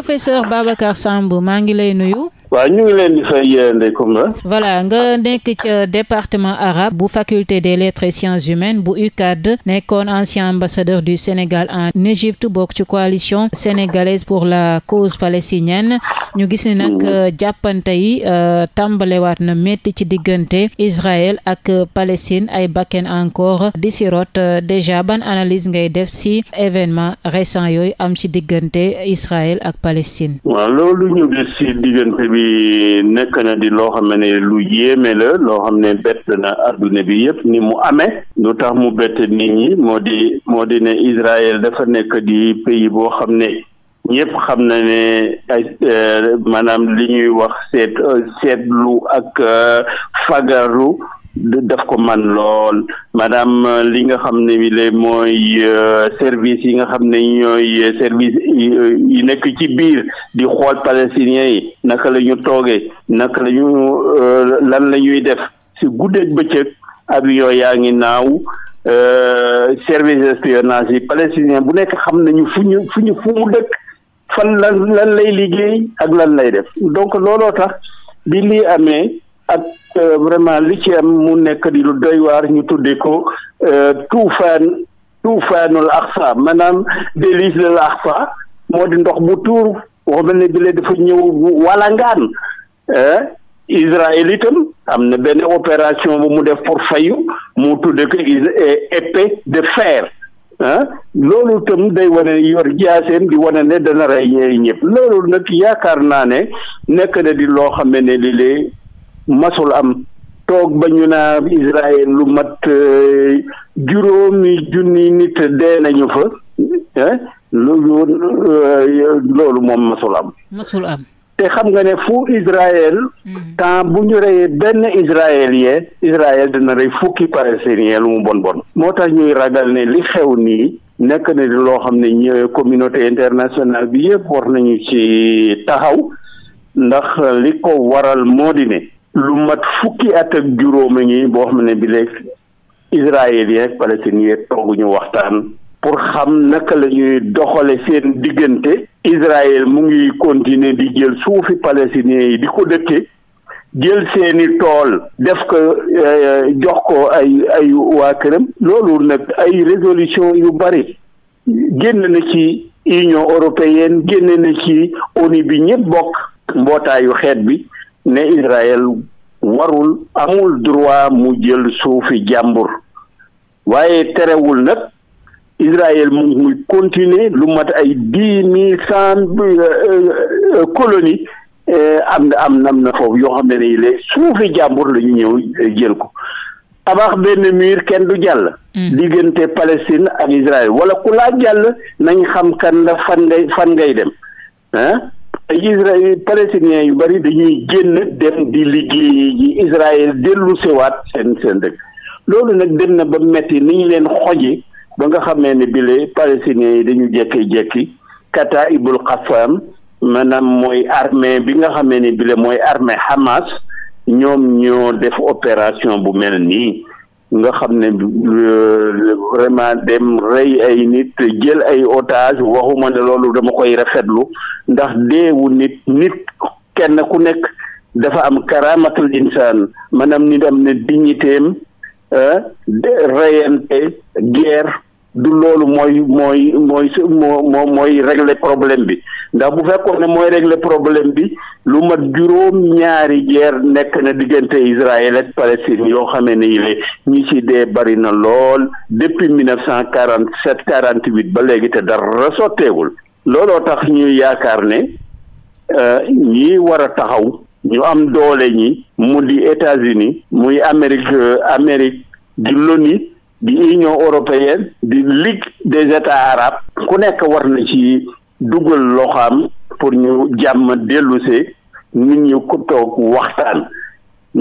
professeur Babacar Samb maa ngi lay nuyu waaw ñu ngi leen di fay euh, Ndeye Comba voilà nga nekk ca euh, département arab bu faculté des lettres et sciences humaines bu UCAD nekkoon ancien ambassadeur du Sénégal en Égypte bokk ci coalition sénégalaise pour la cause palestinienne ñu gis ni nag mm-hmm. euh, jàppante yi tàmbalewaat na métti ci diggante Israël ak Palestine ay bakken encore di si rot déjà ban analyse ngay def si événement récent yooyu am ci diggante Israël ak Palestine bi nekk na di loo xam ne lu yéeme la loo xam ne bett na adduna bi yëpp ni mu amee lu tax mu bett nit ñi moo di moo di ne Israël dafa nekk di pays boo xam ne ñëpp xam na ne ay euh, maanaam li ñuy wax seet euh, seetlu ak euh, fagaru daf ko man lool maanaam euh, li nga xam ne bi lay mooy euh, service yi nga xam ne ñooy euh, service yi nekk ci biir di xool palestiniens yi naka la ñu toogee naka la ñu lan la ñuy def si guddeeg bëccëg avion yaa ngi naaw service espionnage yi palestinien bu nekk xam nañu fu ñu fu ñu fu mu dëkk fan lan lan lay liggéey ak lan lay def donc looloo tax bi lii amee ak euh, vraiment li ci am mu nekk di lu doy ñu tuddee ko euh, tuufaan tuufaanul Aqsa maanaam déluge de l'Aqsa moo di ndox bu tuur wax mel ne bi lee dafa ñëw walangaan Israël itam am na benn opération bu mu def pour fayu mu tuddee ko euh, épée de fer loolu itam day wane yor jaaseem di wane ne dana rey ñeeri ñëpp loolu nag yaakaar naa ne nekk na di loo xam ne lii masul am toog ba ñu naa lu mat euh, juróomi junni nit dee nañu fa loolu euh, loolu moom masul am masul am te xam nga ne fu Israël mm-hmm. temps bu ñu reyee benn israélien Israël dina rey fukki palestinien lu mu bon bon moo tax ñuy ragal ne li xew nii nekk na loo xam ne ñëwee communauté internationale bi yëpp war nañu ci taxaw ndax li ko waral moo di ne lu mat fukki at ak juróom a ngi boo xam ne bi léeg israël yi ak palestine yi tooguñu waxtaan pour xam naka lañuy ñuy doxale seen diggante israël mu ngi continuer di jël suufi palestiniens yi di ko dëkke jël seeni tool def ko euh, jox ko ay ay waa këram loolu nag ay résolution yu bari génn na ci union européenne génn na ci ONU bi ñëpp bokk mbootaayu xeet bi ne Israël warul amul droit mu jël suufi jàmbur waaye terewul nag Israël mu muy continuer lu mat ay dix mille cent euh, colonie euh, am na am na foofu yoo xam ne nii léegi suufi jàmbur la ñu ñëw euh, jël ko tabax benn mur kenn du jàll mm. diggante Palestine ak Israël wala ku laa jàll nañ xam kan la fan ngay fan ngay dem ah Israël palestiniens yu bari dañuy génn dem di liggéey ji Israël dellu siwaat seen seen dëkk loolu nag dem na ba metti ni ñu leen xoji ba nga xamee ne bile palestiniens yi dañu jékki-jékki kata ibul qasam maanaam mooy armée bi nga xamee ni bile mooy armée Hamas ñoom ñoo def opération bu mel nii nga xam ne euh, vraiment dem rey ay nit jël ay otage waxuma ne loolu dama koy rafetlu ndax deewu nit nit kenn ku nekk dafa am karamatul insaan maanaam nit am ne dignitéem reyante guerre du loolu mooy mooy mooy moo mooy régler problème bi ndax bu fekkoon ne mooy régler problème bi lu mat juróom ñaari guerre nekk na diggante Israël ak Palestine yoo xamee ne yile ñi ci dee bari na lool depuis mille neuf cent quarante sept quarante huit ba léegi te dara sotteegul looloo tax ñuy yaakaar ne euh, ñi war a taxaw ñu am doole ñi mu di États-Unis muy Amérique euh, Amérique di l'ONU di union européenne di ligue des états ku nekk war na ci dugal loxoom pour ñu jàmm dellusee nit ñu ko toog waxtaan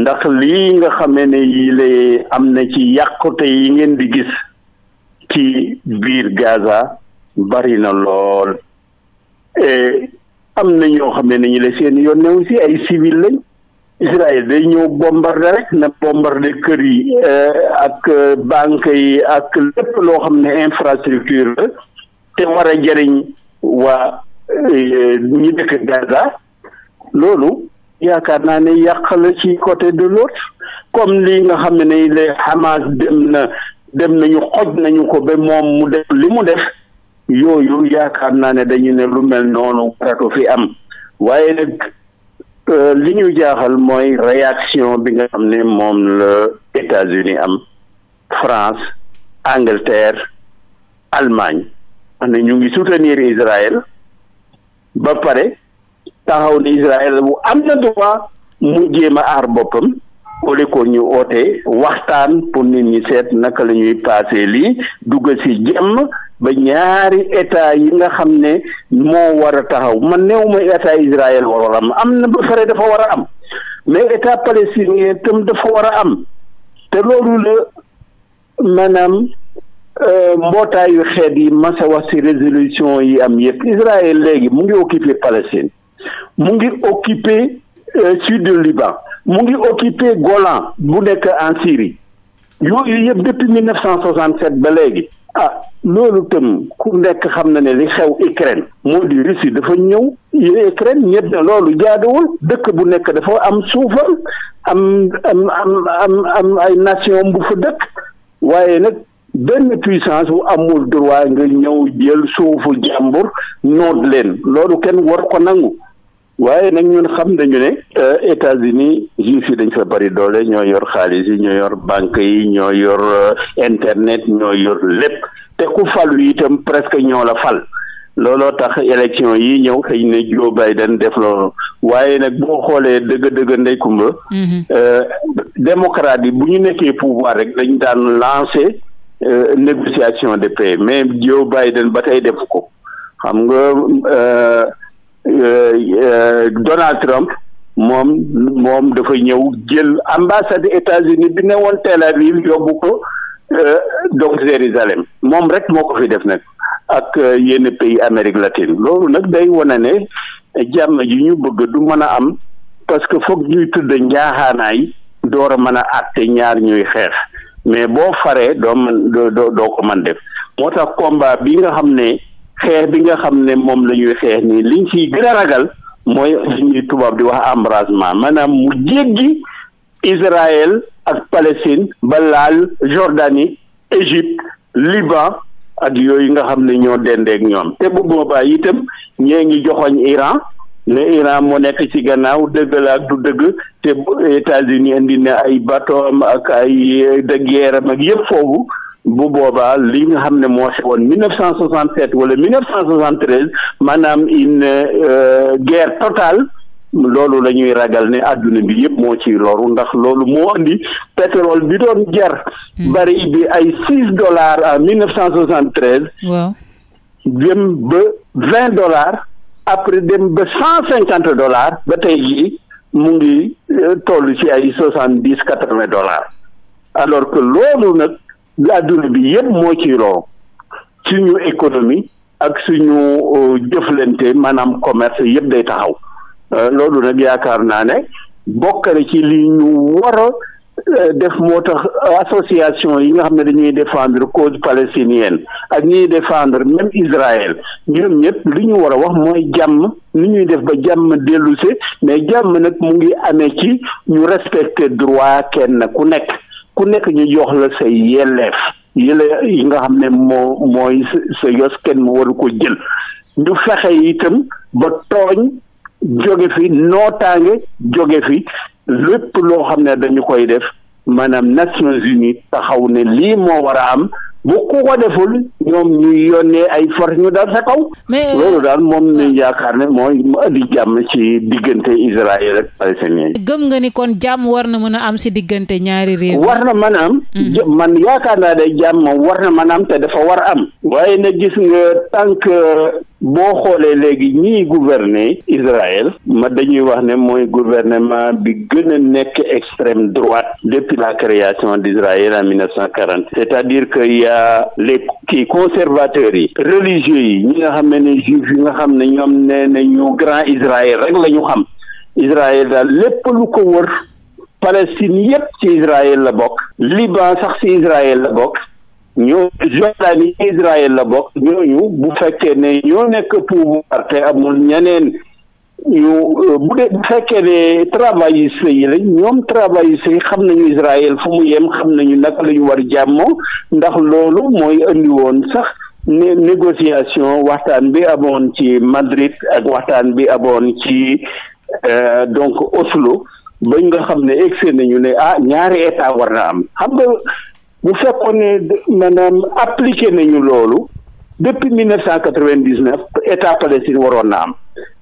ndax lii nga xamee ne yii lay am na ci yàqute yi ngeen di gis ci biir Gaza bari na lool am na ñoo xamee ne ñu la seen yoon newu si ay civil lañ Israël day ñëw bombarder rek na bombarder kër yi eh, ak eh, banque yi ak lépp loo xam ne infrastructure la te war a jëriñ waa eh, ñi dëkk Gaza loolu yaakaar naa ne yàq la ci côté de l'autre comme lii nga xam ne les Hamas dem na dem nañu xoj nañu ko ba moom mu def li mu def yooyu yaakaar naa ne dañu ne lu mel noonu waratu fi am waaye nag Euh, li ñuy jaaxal mooy réaction bi nga xam ne moom la États-Unis am France Angleterre Allemagne am na ñu ngi soutenir Israël ba pare taxaw ne Israël bu am na droit mu jéem a aar boppam au lieu ñu oote waxtaan pour nit ñi seet naka lañuy ñuy lii dugg ci jàmm ba ñaari état yi nga xam ne moo war a taxaw man néew ma état Israël war a am am na ba pare dafa war a am mais état palestinien tam dafa war a am te loolu la maanaam euh, mbootaayu xeet yi sa wax ci résolution yi am yëpp Israël léegi mu ngi occupé Palestine mu ngi occupé euh, sud de Liban mu ngi occupé Golan bu nekk en Syrie yooyu yëpp depuis mille neuf cent soixante sept ba léegi ah loolu tam ku nekk xam na ne li xew Ukraine moo di Russie dafa ñëw Ukraine ñëpp ne loolu jaaduwul dëkk bu nekk dafa am suufam am am am am am ay nation bu fa dëkk waaye nag benn puissance bu amul droit nga ñëw jël suufu jàmbur noot leen loolu kenn war ko nangu waaye nag ñun xam nañu ne euh, États-Unis juif yi dañ fa bari doole ñoo yor xaalis yi ñoo yor banque yi ñoo yor euh, internet ñoo yor lépp te ku falu itam presque ñoo la fal looloo tax élection yi ñëw xëy na Joe Biden def loolu waaye nag boo xoolee dëgg-dëgg ndey kumba mm-hmm. euh, yi bu ñu nekkee pouvoir rek dañ daan lancer négociation de paix mais Joe Biden ba tey def ko xam nga Euh, euh, Donald Trump moom moom dafa ñëw jël ambassade États-Unis bi ne woon Tel Aviv yóbbu ko euh, donc Jérusalem moom rek moo ko fi def nag ak yenn pays Amérique latine loolu nag day wane ne jàmm ji ñu bëgg du mën a am parce que foog ñuy tudd njaaxaanaay door a mën a àtte ñaar ñuy xeex mais boo faree doo man doo doo ko man def moo tax combat bi nga xam ne xeex bi nga xam ne moom la ñuy xeex nii liñ ciy gën a ragal mooy li ñuy tubaab di wax embrasement maanaam mu jéggi Israël ak Palestine balaal laal Jordanie Égypte Liban ak yooyu nga xam ne ñoo dendeek ñoom te bu boobaa itam ñee ngi joxoñ Iran ne Iran moo nekk ci gannaaw dëgg la ak du dëgg te États-Unis indi na ay bateau ak ay dëgg guerre am ak yëpp foofu bu boobaa li nga xam ne moo xewoon 1967 wala 1973 maanaam une euh, guerre totale. loolu lañuy ragal ne àdduna bi yëpp moo ci loru ndax loolu moo indi pétrole bi doon jar. Hmm. baril bi ay six dollars en mille neuf cent soixante treize. waaw dem ba vingt dollars après dem ba cent cinquante dollars ba tey jii mu ngi euh, toll ci ay soixante dix quatre vingt dollars alors que loolu nag. adduna bi yëpp moo ci roo suñu économie ak suñu euh, jëflante maanaam commerce yëpp day taxaw euh, loolu nag yaakaar naa ne bokk ci li ñu war a euh, def moo tax association yi nga xam ne dañuy défendre cause palestinienne ak ñuy défendre même Israël ñoom ñëpp li ñu war a wax mooy jàmm li ñuy def ba jàmm dellu si mais jàmm nag mu ngi amee ci ñu respecter droit kenn ku nekk ku nekk ñu jox la say yelleef yële yi nga xam ne moo mooy sa yos kenn mu waru ko jël ñu fexe itam ba tooñ jóge fi nootaange jóge fi lépp loo xam ne dañu koy def maanaam Nations Unies taxaw ne lii moo war a am bu ku ko deful ñoom ñuy yónnee ay force ñu dal sa kaw. mais euh, loolu daal moom ñu ah. yaakaar ne mooy mu indi jàmm ci diggante Israël ak palestinien yi. gëm nga ni kon jàmm war na mën a am si diggante ñaari réew. war na mën a am. Mhm. man yaakaar naa ne jàmm war na mën am te dafa war a am. waaye nag gis nga tant boo xoolee léegi ñiy gouverner Israël ma dañuy wax ne mooy gouvernement bi gën a nekk extrême droite depuis la création d'Israël en 1940 c'est-à-dire que y a les kii conservateurs yi religieux yi ñi nga xam ne juifs yi nga xam ne ñoom ne na ñu grand Israël rek la ñu xam Israël daal lépp lu ko wër Palestine yépp ci Israël la bokk Liban sax ci Israël la bokk ñoo yi Israël la bokk ñooñu bu fekkee ne ñoo nekk pouvoir te amul ñeneen ñu euh, bu dee bu fekkee ne travailliste yi lañ ñoom travailliste yi xam nañu Israël fu mu yem xam nañu naka lañu ñu war jàmmoo ndax loolu mooy andi woon sax né négociation waxtaan bi amoon ci Madrid ak waxtaan bi amoon ci euh, donc Oslo ba nga xam ne egg nañu ne ah ñaari état war na am xam bu fekkoon ne maanaam appliqué nañu loolu depuis 1999 état Palestine waroon na am.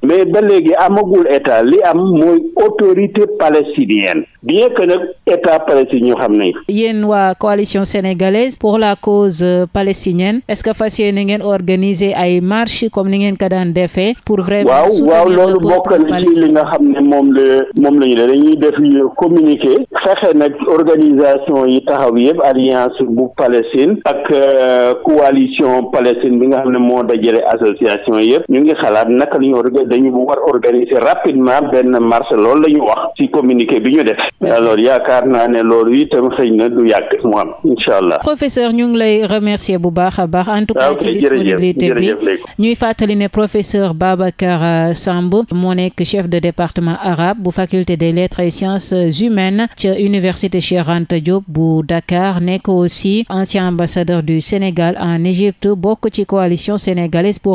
mais ba léegi amagul état li am mooy autorité palestinienne bien que nag état palestinien ñu xam nañ. yéen waa coalition sénégalaise pour la cause palestinienne est-ce que fas yéene ngeen organiser ay marche comme ni ngeen ko daan defee. pour vraiment waaw waaw loolu bokk na ci li nga xam ne moom la moom la ñu def dañuy def communiqué fexe nag organisation yi taxaw yëpp alliance bu Palestine ak euh, coalition Palestine bi nga xam ne moo dajale association yëpp ñu ngi xalaat naka la ñu dañu war organiser rapidement benn marche loolu la ñu wax ci communiqué bi ñu def alors yaakaar naa ne loolu itam xëy na du yàgg mu am incha allah. professeur ñu ngi lay remercier bu baax a baax. en tout cas ah, ci disponibilité bi ñuy fàttali ne professeur Babacar euh, Samb moo nekk chef de département arabe bu faculté des lettres et sciences humaines ci université Cheikh Anta Diop bu Dakar nekk aussi ancien ambassadeur du Sénégal en Égypte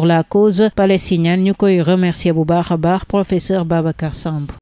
la cause palestinienne bu baax a baax professeur Babacar Samb